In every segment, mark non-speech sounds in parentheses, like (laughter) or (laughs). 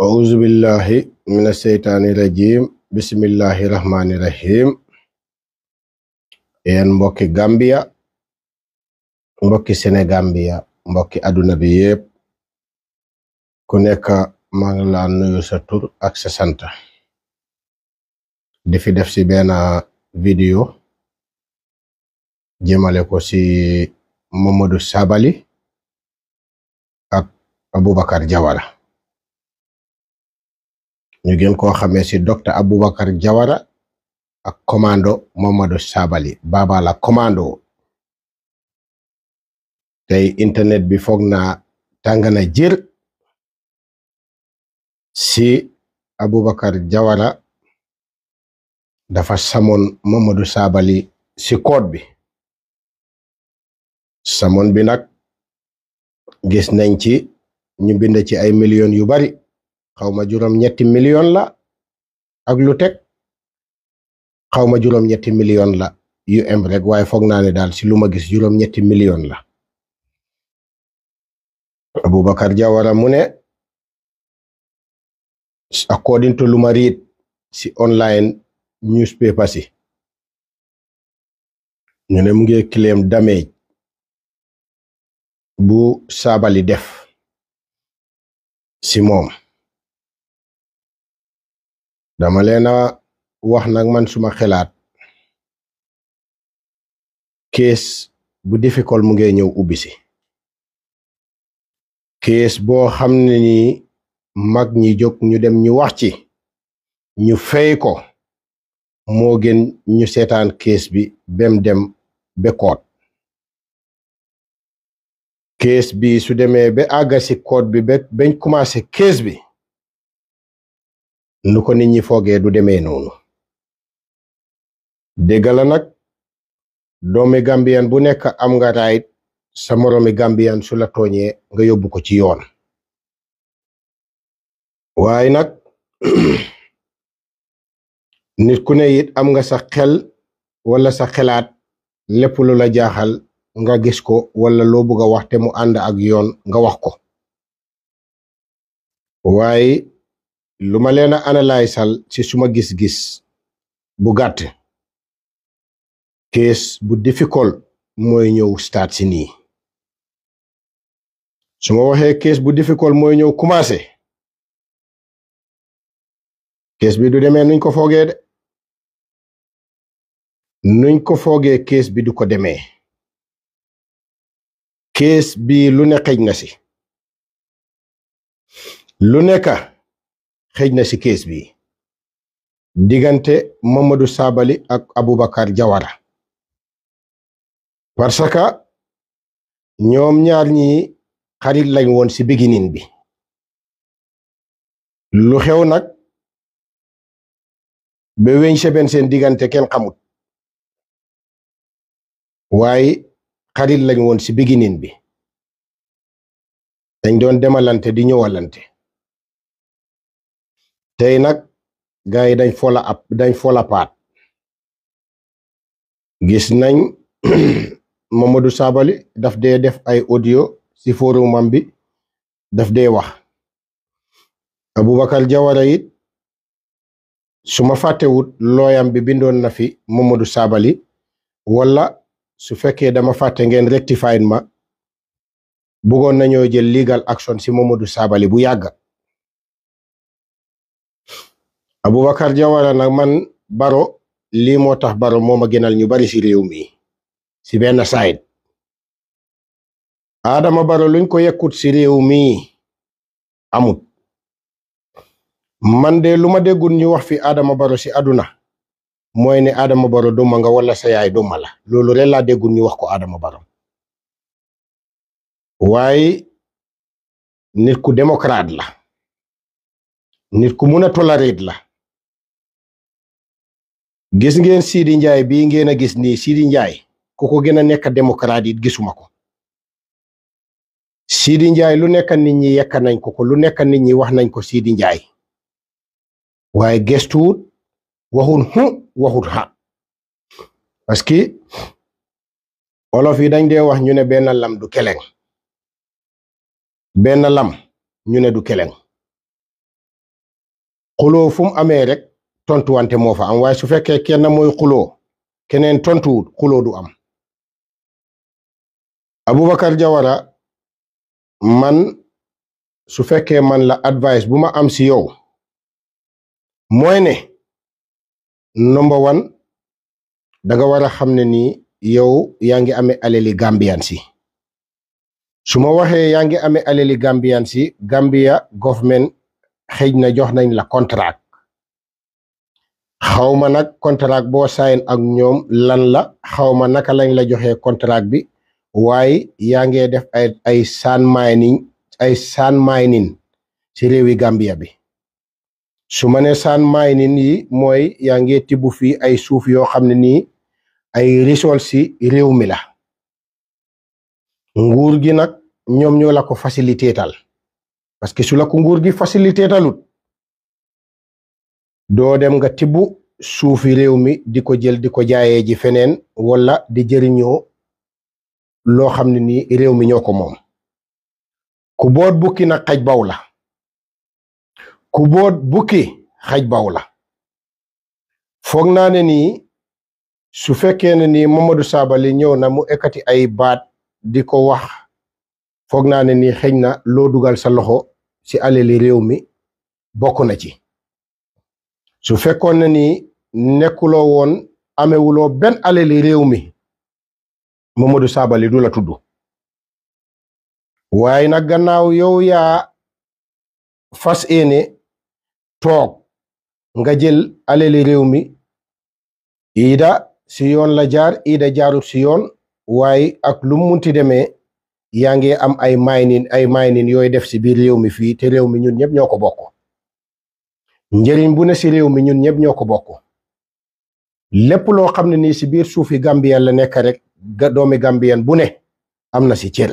a'udhu billahi minash shaitani rajim bismillahir rahmanir rahim en mbokki gambia mbokki senegambia mbokki aduna bi yeb ku nekka manga la nuyu sa tur ak sa santa di fi def si benna video jemale ko si mamadou sabali ak aboubacar diawara ñu gën koo xamee si docteur Aboubacar Jawara ak commando Mamadou Sabali Baba la commando tey internet bi foog naa tàng na jër si Aboubacar Jawara dafa samoon Mamadou Sabali si code bi samoon bi nag gis nañ ci ñu bind ci ay millions yu bari xawma juróom ñetti million la ak lu teg xawma juróom ñetti million la um rek waaye foog naa ne daal si lu ma gis juróom ñetti million la Aboubacar Jawara mu ne according to lu ma read si online newspaper si ñu ne mu bu saabali def si moom dama leen a wax nag man suma xalaat kees bu difficile mu ngi ñëw ubbi si kees boo xam ne ni mag ñi jóg ñu dem ñu wax ci ñu fay ko moo gën ñu seetaan kees bi bem dem be koot kees bi su demee ba àgga si koot bi ba bañ commencé kees bi nu ko nit ñi foogee du demee noonu dégg la nag doomi Gambian bu nekk am nga right sa moroomi Gambian su la tooñee nga yóbbu ko ci yoon waaye nag (clears throat) nit ku ne it am nga sax xel wala sax xelaat lépp lu la jaaxal nga gis ko wala loo bugga waxte mu ànd ak yoon nga wax ko waaye lu ma leen a analysal ci suma gis-gis bu gàtt kees bu difficile mooy ñëw start si nii suma waxee kees bu difficile mooy ñëw commencé kees bi du demee nuñ ko foogee de nuñ ko foogee kees bi du ko demee kees bi lu ne na si lu nekka xëj na ci kees bi diggante Mamadou Sabali ak Aboubacar Jawara parce ñoom ñaar ñi xarit lañ woon ci beginning bi lu xew nag ba weñ seben seen diggante kenn xamut waaye xarit lañ woon ci beginning bi dañ doon demalante di ñëwalante tey nak gaay dañ fola ab dañ fola pat gis nañ (clears throat) mamadou sabali daf de def ay audio ci forumam bi daf de wax aboubakar jawara yit suma fàttewut looyam bi bindoon na fi momadou sabali wala su fekkee dama fàtte ngeen rectifyin ma bugoon nañoo jël legal action ci momadou sabali bu yàggat Aboubacar Jawara nag man Baro lii moo tax Baro moo ma gënal ñu bari ci réew mi ci benn side Adama Baro luñ ko yekkut ci réew mi amut man de lu ma déggul ñu wax fi Adama Baro ci àdduna mooy ne Adama Baro duma nga wala sa yaay duma la loolu re laa déggul ñu wax ko Adama Baro waaye nit ku démocrate la nit ku mun a tolérer la gis ngeen sidi njaay bi ngeen a gis ni sidi njaay koko gën a nekk démocrate it gisuma ko sidi njaay lu nekka nit ñi yekka nañ ko ko lu nekka nit ñi wax nañ ko sidi njaay waaye gestuwut waxun hu waxut ha parce que olof yi dañ dee wax ñu ne benn lam du keleng benn lam ñu ne du keleng xuloo fu mu amee rek tontuwante moo fa am waaye su fekkee kenn mooy xuloo keneen tontuwul xuloo du am Aboubacar Jawara man su fekkee man la advice bu ma am si yow mooy ne number one danga war a xam ne nii yow yaa ngi amee alali Gambian si su ma waxee yaa ngi amee alali Gambian si Gambia government xëj na jox nañ la contrat xaw ma nag contrat bo sayen ak ñoom lan la xaw ma naka lañ la joxee contrat bi waaye yaa ngi def ay ay sand mining ay sand mining ci réewi Gambia bi su ma ne sand mining yi mooy yaa ngi tibu fii ay suuf yoo xam ne nii ay risol ci réew mi la nguur gi nag ñoom ñoo la ko facilitétal parce que su la nguur gi facilitétalut doodem nga tibbu suufi réew mi di ko jël di ko jaayeeji feneen wala di jëriñoo loo xam ne ni réew mi ñoo ko moom ku boot bukki nag xaj baw la ku boot bukki xaj baw la foog naa ne nii su fekkee ne nii momadou saabali ñëw na mu ekati ay baat di ko wax foog naa ne nii xeñ na loo dugal sa loxo si alali réew mi bokk na ci so fekkonne ni nekkulo won amewulo ben aleli rewmi momadou sabali dula tuddu waye nak gannaaw yow ya fas ene toog nga jël aleli rewmi ida si yoon la jaar ida jaarut si yoon waaye ak lum munti deme yaa ngi am ay maynin ay maynin yooy def si biir réew mi fii te réew mi ñun ñëpp ñoo ko bokk njëriñ bu ne si réew mi ñun ñëpp ñoo ko bokk lépp loo xam ne nii si biir suufi Gambien la nekk rek ga doomi Gambien bu ne am na si cër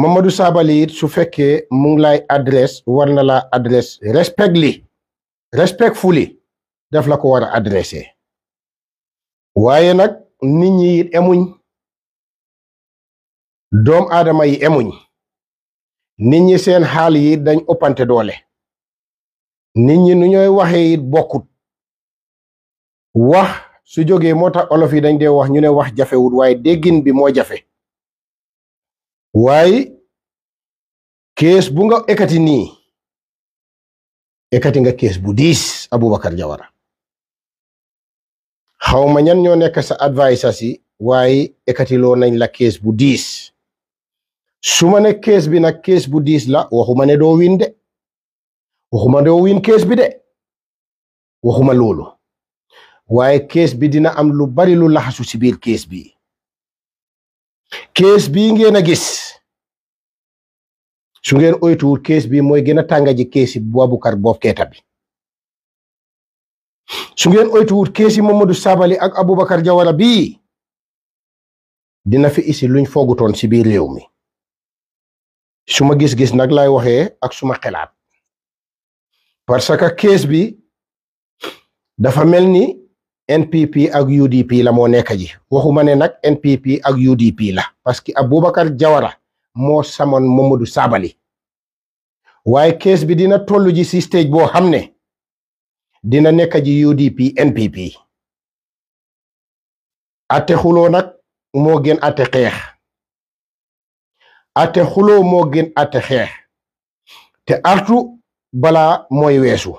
Mamadou Sabally su fekkee mu ngi lay adresse war na laa adresse respectfully li daf la ko war a adressé waaye nag nit ñi it emuñ doom aadama yi emuñ nit ñi seen xaal yi dañ ëppante doole nit ñi nu ñooy waxee bokkut wax su jógee moo tax olof yi dañ dee wax ñu ne wax jafewut waaye déggin bi moo jafe waaye kees bu nga ekati nii ekati nga kees bu diis Aboubacar Jawara xawma ñan ñoo nekk sa advisers yi waaye ekatiloo nañ la kees bu diis su ma ne kees bi nag kees bu diis la waxu ne doo win de waxuma doo win case bi de waxuma loolu waaye kees bi dina am lu bari lu laxasu ci biir case bi case bi ngeen a gis su ngeen oytuwul case bi mooy gën a tànga ji case bu Baboucarr Bob Keita bi su ngeen oytuwul case Momodou saabali ak Aboubacar Jawara bi dina fi isi luñ foogutoon ci biir réew mi suma gis-gis nag lay waxee ak suma xelaat parce que kees bi dafa mel ni NPP ak UDP la moo nekk ji waxuma ne nag NPP ak UDP la parce que Aboubacar Jawara moo samoon Momodou Sabali waaye kees bi dina toll ji si stage boo xam ne dina nekk ji UDP NPP ate xuloo nag moo gën ate xeex ate xuloo moo gën ate xeex te artu balaa mooy weesu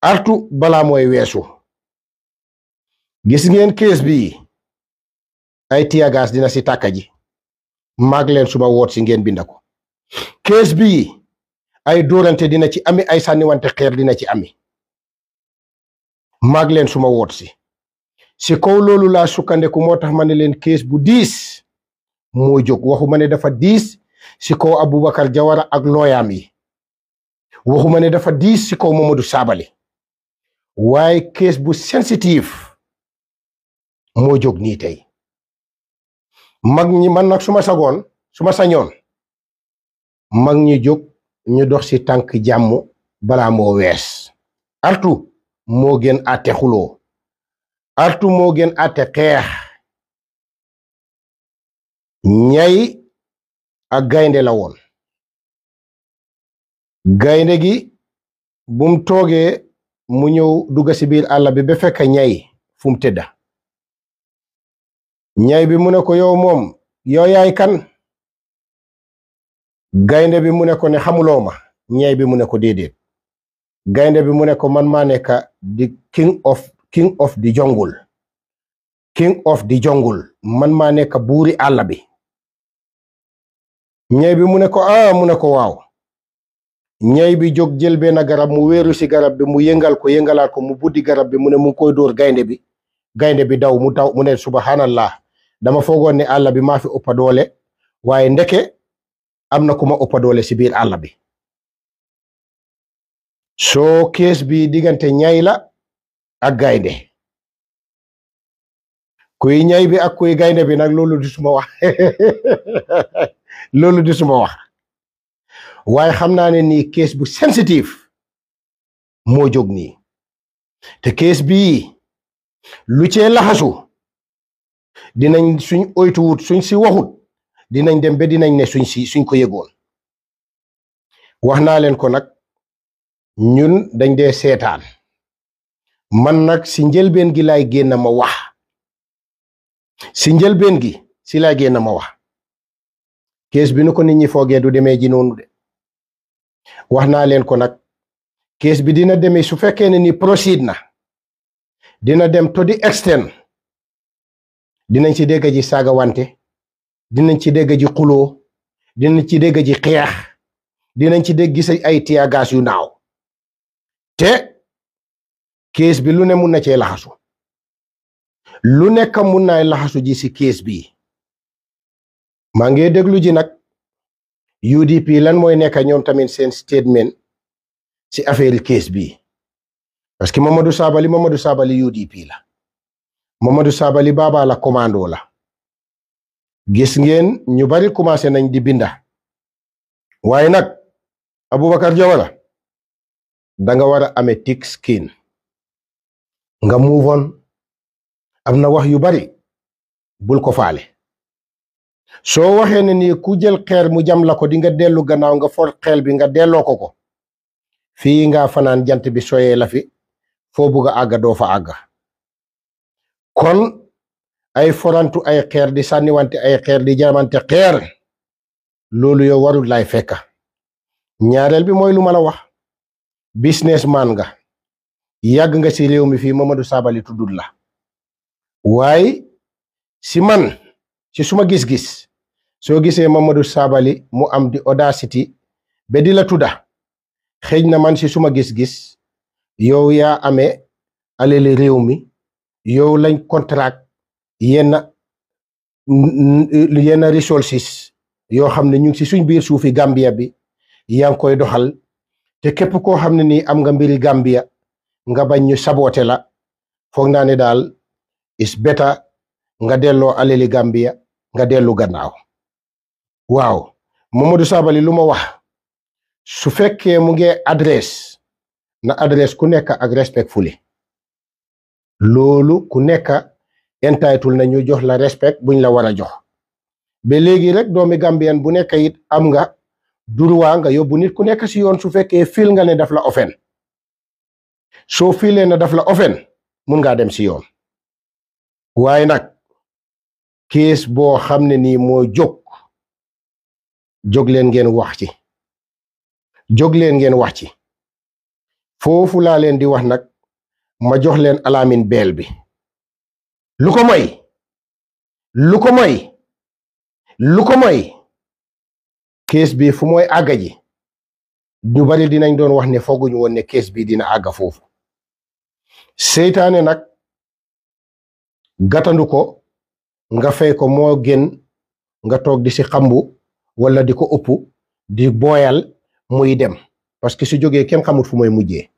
artu balaa mooy weesu gis ngeen kees bi ay tiyagas dina si tàkka ji maag leen suma woot si ngeen binda ko kees bi ay dóorante dina ci ami ay sànniwante xeer dina ci ami maag leen suma woot si si kaw loolu laa sukkandeku moo tax ma ne leen kees bu diis moo jóg waxu ma ne dafa diis si kaw Aboubacar Jawara ak looyaam yi waxuma ne dafa diis ci kaw Mamadou saabali waaye kees bu sensitive moo jóg nii tey mag ñi man nag suma ma sagoon su ma sañoon mag ñi jóg ñu dox ci tànk jàmmu bala moo wees artu moo gën àtte xuloo artu moo gën àtte xeex ñay ak gaynde la woon gaynde gi bum tooge mu ñëw duga si biir àlla bi ba fekka ñay fum tëdda ñay bi mu ne ko yow moom yow yaay kan gaynde bi mu ne ko ne xamuloo ma ñay bi mu ne ko déedéet gaynde bi mu ne ko man maa nekka di king of king of di jongul king of di jongul man maa nekka buuri àlla bi ñay bi mu ne ko a ah, mu ne ko waaw ñay bi jóg jël benn garab mu wéeru si garab bi mu yëngal ko yëngalaat ko mu buddi garab bi mu ne mu koy dóor gaynde bi gaynde bi daw mu daw mu ne subhanallah dama foogoon ne àll bi maa fi ëpp doole waaye ndeke am na ku ma ëpp doole si biir àll bi soo kees bi diggante ñay la ak gaynde kuy ñay bi ak kuy gaynde bi nag loolu du suma wax (laughs) loolu du suma wax waaye xam naa ne nii case bu sensitive moo jóg nii te case bii lu cee laxasu dinañ suñ oytuwut suñ si waxut dinañ dem ba dinañ ne suñ si suñ ko yëgoon wax naa leen ko nag ñun dañ dee seetaan man nag si njëlbeen gi laay génn ma wax si njëlbeen gi si laay génn ma wax kees bi nu ko nit ñi foogee du demee ji noonu de wax naa leen ko nag kees bi dina demee su fekkee ne ni proceed na dina dem to the extent dinañ ci dégg ji saaga wante dinañ ci dégg ji xuloo dinañ ci dégg ji xeex dinañ ci dégg gis ay tiyaagaas yu naaw te kees bi lu ne mun na cee laxasu lu nekk mun naay laxasu ji si kees bi maa ngi déglu ji nag UDP lan mooy nekk ñoom tamit seen statement si affaire case bi parce que Mamadou Sabally Mamadou Sabally UDP la Mamadou Sabally baaba la commando la gis ngeen ñu bari commencé nañ di binda waaye nag Aboubacar Jawara danga war a amee thick skin nga move on am na wax yu bari bul ko faale so waxeene ni kujel xeer mu jam la ko di nga dellu gannaaw nga for xeel bi nga delloo ko ko fii nga fanaan jant bi soyee la fi foo bugga àgga doo fa àgga kon ay forantu ay xeer di sànniwante ay xeer di jamante xeer loolu yow warul laay fekka ñaareel bi mooy lu ma la wax business man nga yàgg nga si réew mi fii mamadou saabali tuddul la waaye si man ci suma gis-gis soo gisee Mamadou Sabally mu am di audacity be di la tudda xëj na man ci suma gis-gis yow yaa amee alali réew mi yow lañ contract yenn yenn resources yoo xam ne ñu ngi ci suñ biir suufi Gambia bi yaa ngi koy doxal te képp koo xam ne nii am nga mbiri Gambia nga bañ ñu saboote la foog naa ne daal is better nga delloo alali Gambia nga dellu gannaaw waaw Mamadou sabali lu ma wax su fekkee mu ngi adresse na adresse ku nekk ak respectfully loolu ku nekk entitled na ñu jox la respect buñ la war a jox ba léegi rek doomi Gambien bu nekk it am nga durwaa nga yóbbu nit ku nekk si yoon su fekkee fil nga ne daf la ofen soo filee na daf la ofen mun ngaa dem si yoon waaye nag kiis boo xam ne nii moo jóg jóg leen ngeen wax ci jóg leen ngeen wax ci foofu laa leen di wax nag ma jox leen alaamin beel bi lu ko moy lu ko may lu ko moy kees bi fu moy àgga ji ñu bari dinañ doon wax ne fooguñu woon ne kees bi dina àgga foofu seytaane nag gatandu ko nga fay ko mo gen nga tok di ci xambu wala di ko uppu di boyal muy dem parce que su joge kenn xamut fu moy nekut,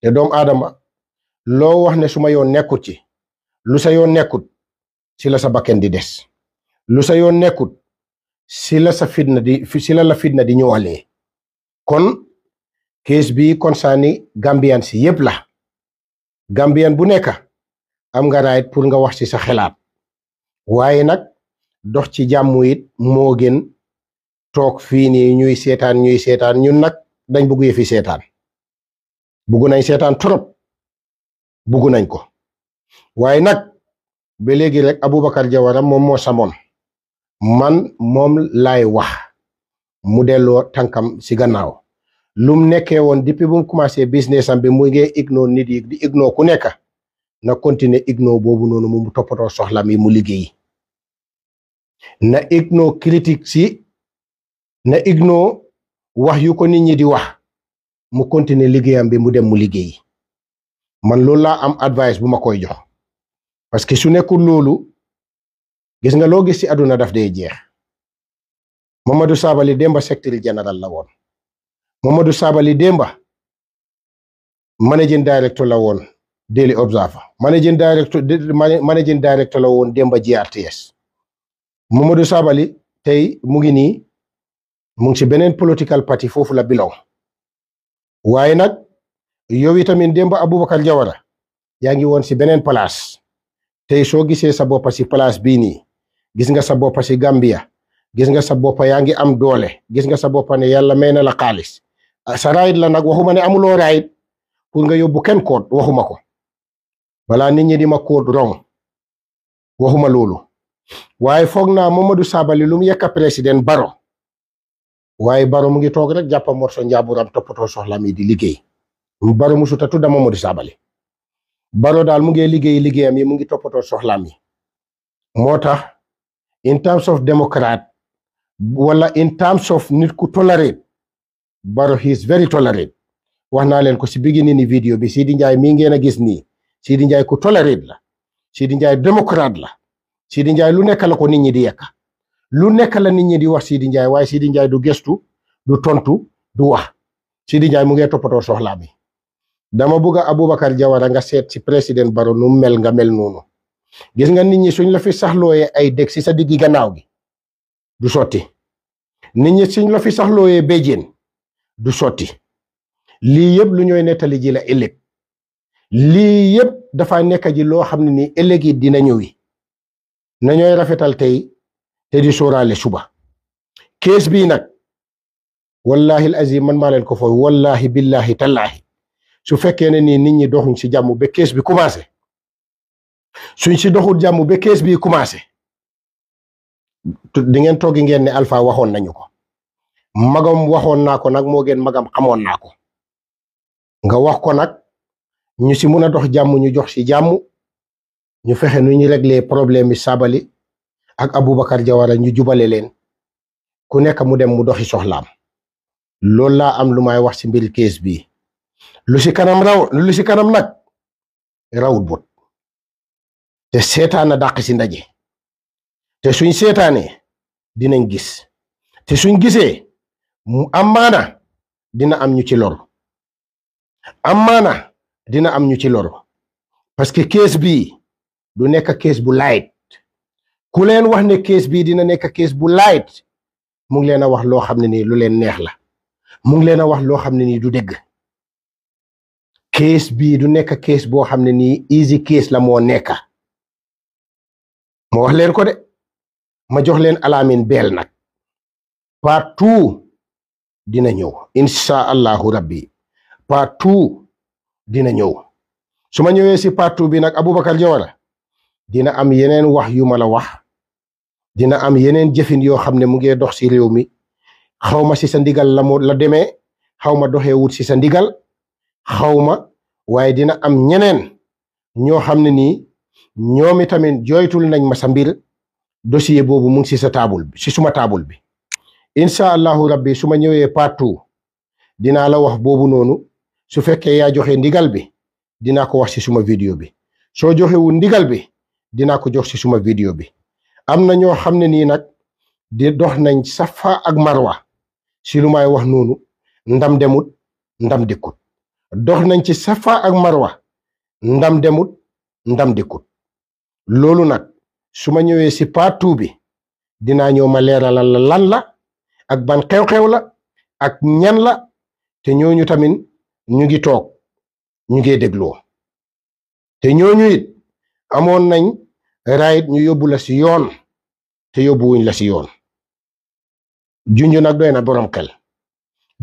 te dom aadama lo wax ne suma yon nekut ci lu sa yon nekut ci la sa bakken di dess lu sa yon nekut ci la sa fitna di ci la la fitna di ñowalé kon kees bi concerné Gambian si yépp la Gambian bu nekk am nga right pour nga wax ci sa xelaat waaye nag dox ci jàmm it moo gën toog fii nii ñuy seetaan ñuy seetaan ñun nag dañ bëgg yëfi seetaan bëgg nañ seetaan trop bëgg nañ ko waaye nag ba léegi rek Aboubacar jawaram moom moo samoon man moom laay wax mu delloo tànkam si gannaaw lum nekkee woon depuis bu mu commencé business am bi mu ngi ignore nit yi di ignore ku nekk na continuer igno boobu noonu mu toppatoo soxla yi mu liggéey na igno critique si na igno wax yu ko nit ñi di wax mu continuer liggéeyam bi mu dem mu liggéey man loolu laa am advice bu ma koy jox parce que su nekkul loolu gis nga loo gis si àdduna daf day jeex Mamadou Sabally Demba secretary général la woon Mamadou saabali Demba managing director la woon Daily Observer managing director managing director la won Demba GRTS Mamadou sabali tay mu ngi ni mu ngi ci benen political party fofu la bilaw waye nak yow itamit Demba Aboubacar Jawara Yangi won ci benen place tay so gisee sa bop ci place bi ni gis nga sa bop ci Gambia gis nga sa bop yaangi am doole gis nga sa bop ne yalla la khalis sa raid. la nak waxuma ne amulo raid pour nga ken code waxuma wala nit ñi di ma kóod rong waxuma loolu waaye foog naa Mamadou Sabally lu mu yekka président Baro waaye Baro mu ngi toog rek jàppa morso njaaburam toppatoo soxlaam yi di liggéey Baro musuta tudda Mamadou Sabally Baro daal mu ngi liggéey liggéeyam yi mu ngi toppatoo soxlaam yi moo tax in terms of démocrate wala in terms of nit ku toléré Baro he is very toléré wax naa leen ko si beginning ni vidéo bi Sidi njaay mii ngeen a gis nii Sidi Ndiaye ku toléré la Sidi Ndiaye démocrate la Sidi Ndiaye lu nekk la ko nit ñi di yek lu nekk la nit ñi di wax Sidi Ndiaye waaye Sidi Ndiaye du gestu du tontu du wax Sidi Ndiaye mu ngi topato soxla bi dama bëgg a Jawara nga sét ci président baro nu mel nga mel nonu gis nga nit ñi suñ la fi saxlooyee ay dekk ci sa digi gannaaw gi du soti nit ñi suñ la fi bejeen du soti li yeb lu ñoy netali ji la lii yëpp dafa nekk ji loo xam ne nii ëllëg yi dina ñëwi nañooy rafetal tey te di sóoraale suba kees bii nag wallahi alazim man maa leen ko fooy wallahi billahi tallaahi su fekkee ne nii nit ñi doxuñ si jàmm ba kees bi commencé suñ si doxul jàmm ba kees bi commencé di ngeen toogi ngeen ne alfa waxoon nañu ko magam waxoon naa ko nag moo geen magam amoon na ko nga wax ko nag ñu ci mëna dox jamm ñu jox si jamm ñu fexé nu ñu régler problème bi Sabally ak Aboubacar Jawara ñu jubalé len ku nekk mu dem mu doxi soxlam lool la am lumay wax ci mbir kees bi lu ci kanam raw lu si kanam nak rawul bot te sétana a ci ndaje te suñu sétané dinañ gis te suñu gisé mu amana dina am ñu ci lor amana dina am ñu ci loru parce que kees bii du nekk kees bu light ku leen wax ne kees bii dina nekk kees bu layit mu ngi leen a wax loo xam ne nii lu leen neex la mu ngi leen a wax loo xam ne nii du dëgg kees bii du nekk kees boo xam ne nii easy kees la moo nekk moo wax leen ko de ma jox leen alaamin beel nag part two dina ñëw incha allahu rabbi part dina ñëw su ma ñëwee si partout bi nag Aboubacar Jawara dina am yeneen wax yu ma la wax dina am yeneen jëfin yoo xam ne mu dox si réew mi xaw ma si sa ndigal la mu la demee xaw ma doxee wut si sa ndigal xaw ma waaye dina am ñeneen ñoo xam ne ni nii ñoomi tamit jooytul nañ ma sa mbir dossier boobu mu si sa taabul si suma taabul bi incha allahu rabbi su ma ñëwee partout dinaa la wax boobu noonu. su fekkee yaa joxe ndigal bi dinaa ko wax ci suma vidéo bi soo joxewul ndigal bi dinaa ko jox ci suma vidéo bi am na ñoo xam ne nii nag di dox nañ safa ak marwa si lu may wax noonu ndam demut ndam dikkut dox nañ ci safa ak marwa ndam demut ndam dikkut loolu nag su ma ñëwee si partout bi dinaa ñëw ma leeralal la lan la ak ban xew-xew la ak ñan la te ñooñu tamit ñu ngi toog ñu ngee dégloo te ñooñu it amoon nañ raayit ñu yóbbu la si yoon te yóbbuwuñ la si yoon junj nag doy na borom xel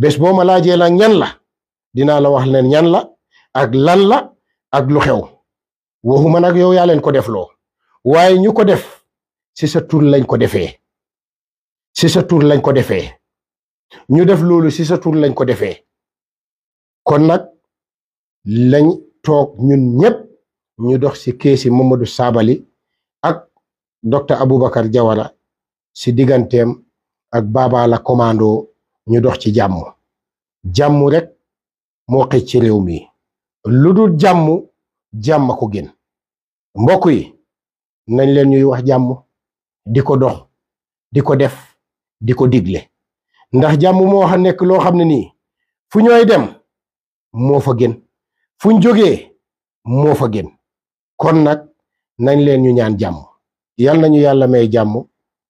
bés boo ma laajee la ñan la dinaa la wax leen ñan la ak lan la ak lu xew waxuma nag yow yaa leen ko defloo waaye ñu ko def si sa tur lañ ko defee si sa tur lañ ko defee ñu def loolu si sa tur lañ ko defee kon nag lañ toog ñun ñëpp ñu dox ci keesi Mamadou Sabally ak docteur Aboubacar Jawara ci digganteem ak babala la ñu dox ci jàmm jàmm rek moo xëj réew mi lu dul jàmm jàmm ko gen mbokk yi nañ leen ñuy wax jàmm di ko dox di ko def di ko digle ndax jàmm moo xam nekk loo xam ne nii fu ñooy dem moo fa gën fuñ jóge moof a gën kon nag nañ leen ñu ñaan jàmm yal nañu yàlla may jàmm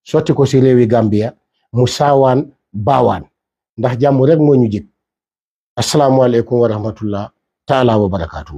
sotti ko si réewi Gambia mu saawaan baawaan ndax jàmm rek moo ñu jig asalaamualeykum wa rahmatullah taala wa barakaatu.